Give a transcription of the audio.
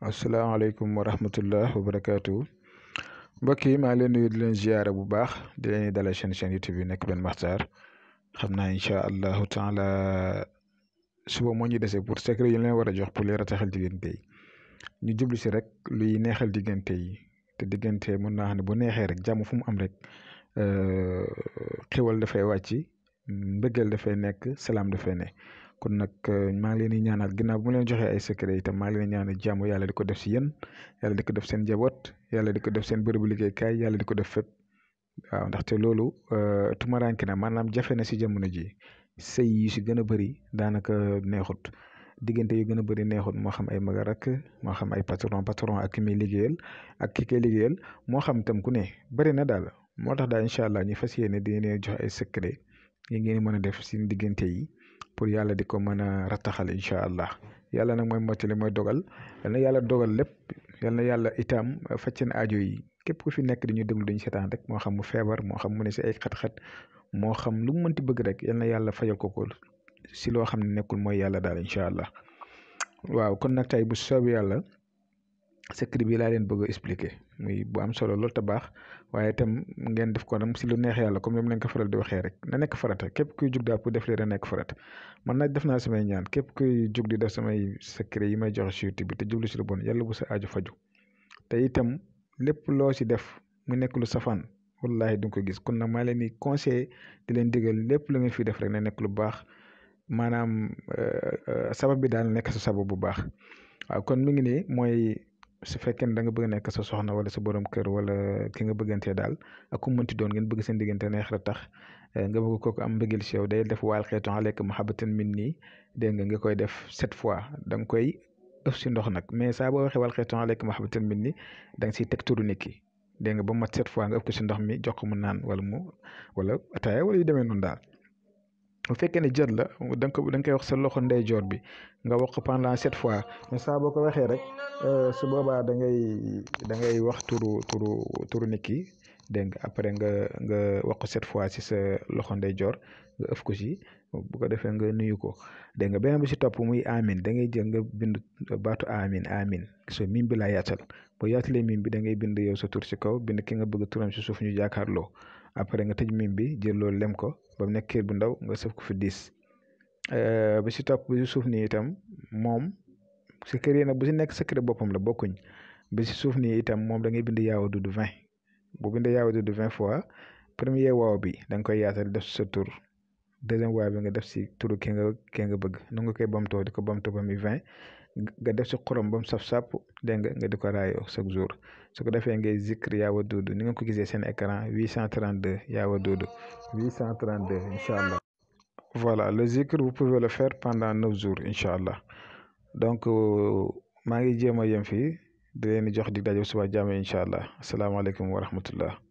asalaamaaleykum wa rahmatullah wa barakaatu mbokk yi maa ngi leen nuyu di leen ziyaara bu baax di leen dalal seen chaîne YouTube bi nekk benn maxtaar xam naa incha allahu taala suba moo ñu dese pour secret yi leen war a jox pour leer a taxal diggante yi ñu jublu si rek luy neexal diggante yi te diggante mën naa xam ne bu neexee rek jàmm fu mu am rek xéwal dafay wàcc mbëggeel dafay nekk salaam dafay ne kon nag euh, maa ngi leen di ñaanal ginnaaw bu ma leen joxee ay secret itam maa ngi leen di ñaanal jàmm yàlla di ko def si yéen yàlla di ko def seen njaboot yàlla di ko def seen bërëbu liggéeykaay yàlla di ko def fépp waaw ndaxte loolu euh, tumaranke na maanaam jafe na si jamono ji sëy yu si gën a bëri daanaka neexut diggante yu gën a bëri neexut moo xam ay mag a moo xam ay patron patron ak ki muy liggéeyal ak ki koy liggéeyal moo xam tam ku ne bëri na daal moo tax daal incha allah ñu fas yéene di jox ay secret yi ngeen mën a def seen diggante yi pour yàlla di ko mën a rattaxal incha allah yàlla nag mooy mottali mooy dogal yal yàlla dogal lépp yal yàlla itam faccen aajo yi képp ku fi nekk di ñu déglu dañu seetaan rek moo xam mu feebar moo xam mu ne si ay xat-xat moo xam lu mu mënti bëgg rek yal yàlla fajal ko ko si loo xam ne nekkul mooy yàlla daal incha allah waaw kon nag tey bu soobee yàlla secret bi laa leen bëgg a expliquer muy bu am solo lool te baax waaye itam ngeen def ko nam si lu neex yàlla comme ni ma leen ko faral di waxee rek na nekk farata képp kuy jug daal pour def leen na farata man nag def naa samay ñaan képp kuy jug di def samay secret yi may joxe si YouTube bi te jublu si lu bon yàlla bu sa aaju faju te itam lépp loo si def mu nekk lu safaan wallahi du ko gis kon nag maa leen di conseillé di leen digal lépp lu ngeen fi def rek na nekk lu baax maanaam euh, euh, sabab bi daal nekk sa sabab bu baax kon mi ngi nii mooy. su fekkee ne da nga bëgg nekk sa soxna wala sa borom kër wala ki nga bëggantee daal ak ku mënti doon ngeen bëgg seen diggante neex la tax eh, nga bëgg kooku am mbëggeel si yow day def waal xeeton aleyka mahabbatan min nii dégg nga nga koy def sept fois da nga koy ëf si ndox nag mais saa boo waxee waal xeeton aleyka mahabbatan min nii da nga siy teg turu nit ki dégg nga ba mat sept fois nga ëpp ko si ndox mi jox ko mu naan wala mu wala ataaya wala yu demee noonu bu fekkee ne jot la da nga ko da nga koy wax sa loxo ndey ndeyjoor bi nga wax ko pendant sept fois mais saa boo ko waxee rek euh, su boobaa da ngay da ngay wax turu turu turu nit ki dégg nga après nga nga wax ko sept fois ci sa loxo ndeyjoor nga ëf ko si bu ko defee nga nuyu ko dégg nga beneen bi si topp muy amin da ngay jël nga bind baatu amin amin so mim bi laa yaatal boo yaatalee mim bi da ngay bind yow sa tur si kaw bind ki nga bëgg turam si suuf ñu jàkkaarloo après nga tëj mim bi jël loolu lem ko ba mu nekk bu ndaw nga sëf ko fi diis euh, bi si topp bi si suuf nii itam moom sa kër yi nag bu si nekk secret boppam la bokkuñ bi si suuf nii itam moom da ngay bind yaawa dudd vingt bu bindee yaawa dudd vingt fois premier waaw bi da nga koy yaatal def sa tur deuxième way bi nga def si turu ki nga bëgg nu nga koy bamtoo di ko bamtoo ba vingt def ci xorom ba mu saf sàpp nga chaque jour zikr écran 832 832 voilà le zikr vous pouvez le faire pendant 9 jours inshallah donc euh, maa ngi jéem di leen jox dig wa rahmatullah.